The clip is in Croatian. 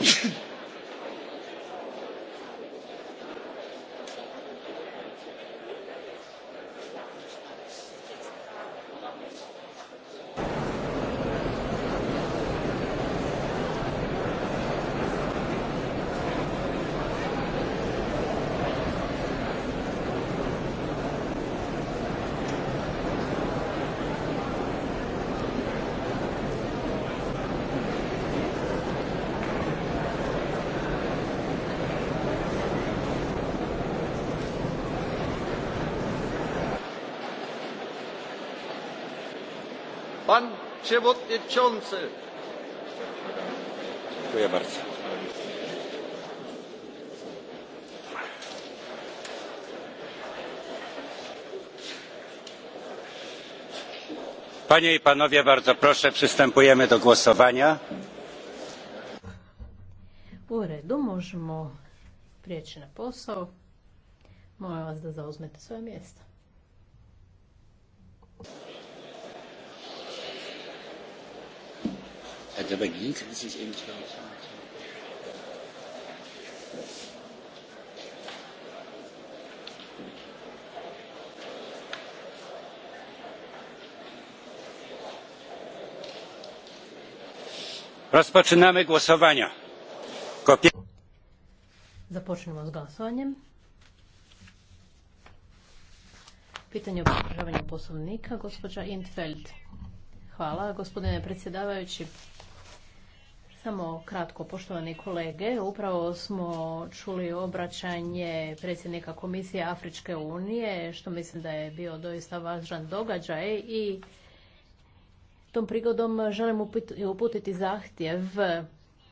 I Pan Przewodniczący. Dziękuję bardzo. Panie i panowie, bardzo proszę, przystępujemy do głosowania. U redu možemo prijeći na posao. Molim vas da zauzmete svoje mjesto. Herr äh, Debergin kann sich eben Rozpoczynamy głosowania. Kopie... Započnemo s glasovanjem. Pitanje o podržavanju poslovnika, gospodarza Intfeld. Hvala, gospodine predsjedavajući. Samo kratko, poštovani kolege, upravo smo čuli obraćanje predsjednika Komisije Afričke unije, što mislim da je bio doista važan događaj i tom prigodom želim uputiti zahtjev